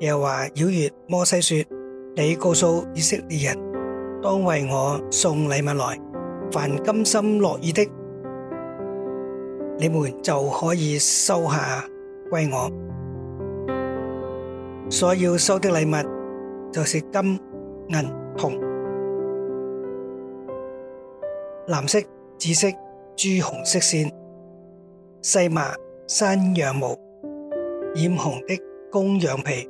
又話：，曉諭摩西說，你告訴以色列人，當為我送禮物來，凡甘心樂意的，你們就可以收下歸我。所要收的禮物，就是金、銀、銅、藍色、紫色、朱紅色線、細麻、山羊毛、染紅的公羊皮。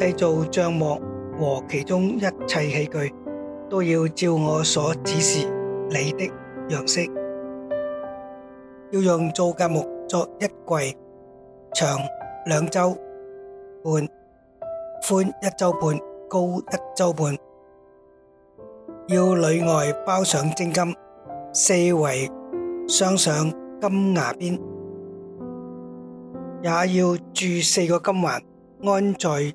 製造帳幕和其中一切器具，都要照我所指示你的樣式。要用皂莢木作一櫃，長兩周半，寬一周半，高一周半。要裏外包上精金，四圍鑲上金牙邊，也要鑄四個金環，安在。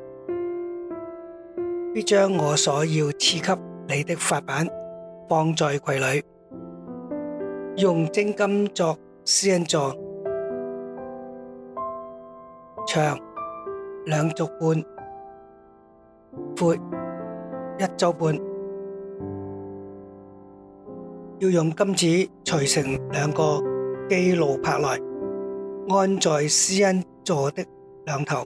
必將我所要賜給你的法版放在櫃裏，用精金作施恩座，長兩肘半，闊一肘半，要用金子錘成兩個基路伯來安在施恩座的兩頭。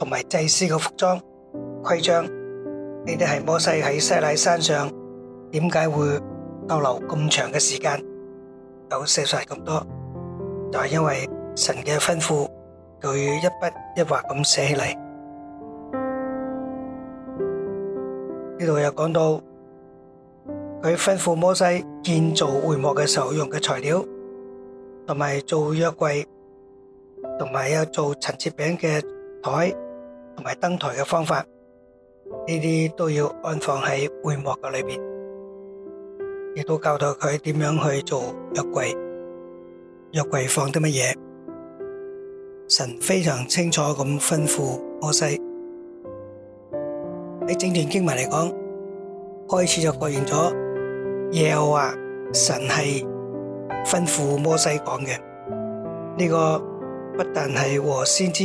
同埋祭司個服裝規章，呢啲係摩西喺西奈山上，點解會逗留咁長嘅時間，有寫晒咁多，就係因為神嘅吩咐，佢一筆一畫咁寫起嚟。呢度又講到佢吩咐摩西建造會幕嘅時候用嘅材料，同埋做約櫃，同埋有做陳設餅嘅臺。同埋登台嘅方法，呢啲都要安放喺會幕裏邊，亦都教導佢點樣去做約櫃，約櫃放啲乜嘢？神非常清楚咁吩咐摩西喺整段經文嚟講，開始就確認咗耶和華、啊、神係吩咐摩西講嘅，呢、這個不但係和先知。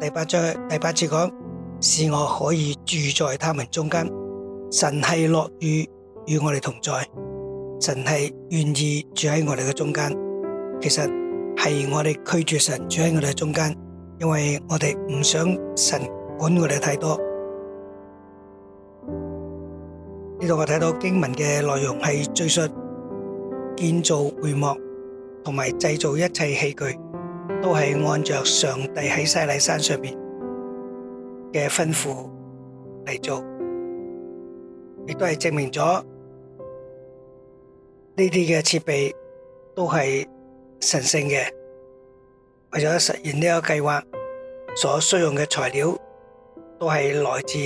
第八章第八節講，是我可以住在他們中間。神係樂於與我哋同在，神係願意住喺我哋嘅中間。其實係我哋拒絕神住喺我哋嘅中間，因為我哋唔想神管我哋太多。呢度我睇到經文嘅內容係敘述建造帷幕，同埋製造一切器具。都係按照上帝喺西奈山上邊嘅吩咐嚟做，亦都係證明咗呢啲嘅設備都係神聖嘅。為咗實現呢一個計劃，所需用嘅材料都係來自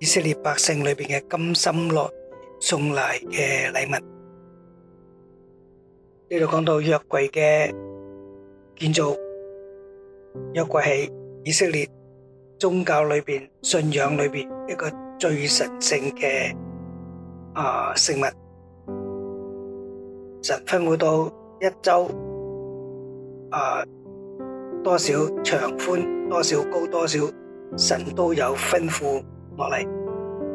以色列百姓裏邊嘅甘心樂送嚟嘅禮物。呢度講到約櫃嘅。建造一個喺以色列宗教裏邊、信仰裏邊一個最神聖嘅啊聖物，神吩咐到一周啊多少長寬多少高多少，神都有吩咐落嚟，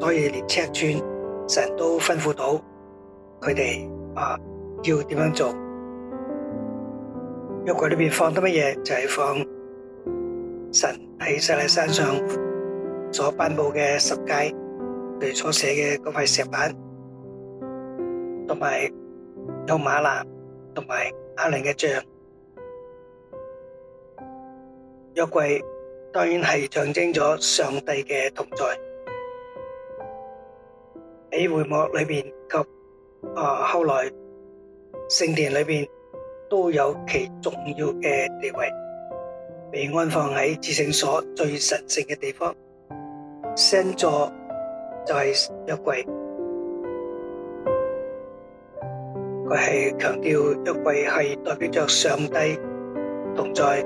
所以連尺寸神都吩咐到佢哋啊要點樣做。約櫃裏邊放啲乜嘢？就係放神喺西奈山上所頒布嘅十誡所寫嘅嗰塊石板，同埋約瑪拿同埋亞倫嘅杖。約櫃當然係象徵咗上帝嘅同在。喺會幕裏邊及啊後來聖殿裏邊。都有其重要嘅地位，被安放喺至聖所最神聖嘅地方。星座就係一櫃，佢係強調一櫃係代表著上帝同在，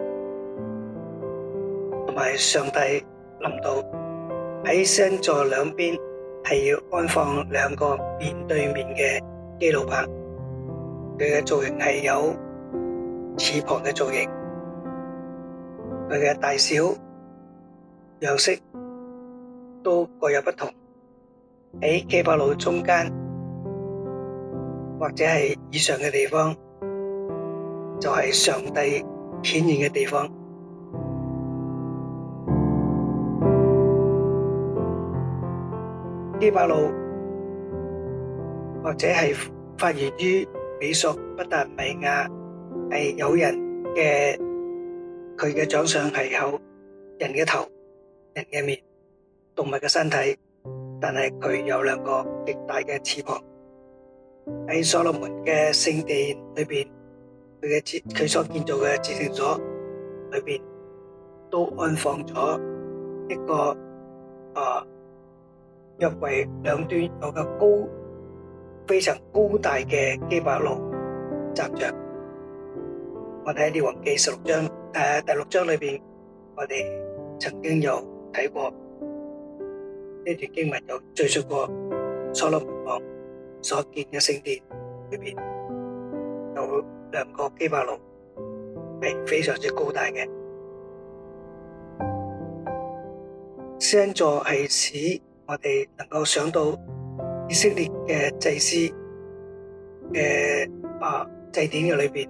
同埋上帝臨到。喺星座兩邊係要安放兩個面對面嘅基路伯，佢嘅造型係有。翅膀嘅造型，佢嘅大小、樣式都各有不同。喺基路伯中間或者係以上嘅地方，就係上帝顯現嘅地方。基路伯或者係發源於美索不達米亞。係有人嘅，佢嘅長相係有人嘅頭、人嘅面、動物嘅身體，但係佢有兩個極大嘅翅膀。喺所羅門嘅聖殿裏邊，佢嘅建佢所建造嘅至聖所裏邊，都安放咗一個啊，約櫃兩端有個高非常高大嘅基伯龍站 t 我睇《列王記》十六章，誒，第六章裏邊，我哋曾經有睇過呢段經文，有敘述過所羅門王所建嘅聖殿裏邊有兩個基路伯，係非常之高大嘅。聖座係指我哋能夠想到以色列嘅祭司嘅啊祭典嘅裏邊。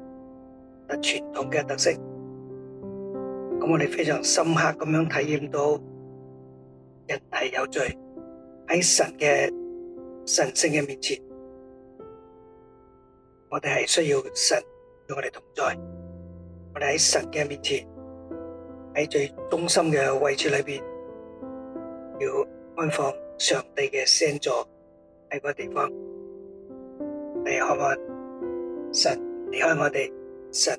傳統嘅特色，咁我哋非常深刻咁樣體驗到，人係有罪，喺神嘅神聖嘅面前，我哋係需要神同我哋同在，我哋喺神嘅面前，喺最中心嘅位置裏邊，要安放上帝嘅聖座喺個地方，你看看神離開我哋。神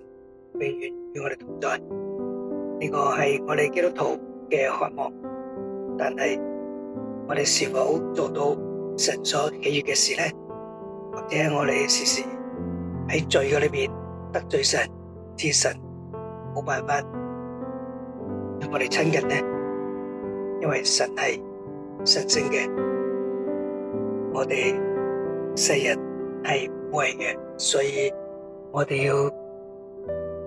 永遠與我哋同在，呢個係我哋基督徒嘅渴望。但係我哋是否做到神所喜悦嘅事咧？或者我哋時時喺罪嘅裏邊得罪神，致神冇辦法同我哋親近咧？因為神係神聖嘅，我哋世人係污穢嘅，所以我哋要。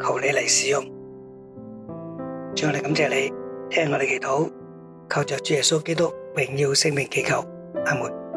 求你嚟使用，主，我哋感謝你，聽我哋祈禱，靠着主耶穌基督榮耀聖名祈求，阿門。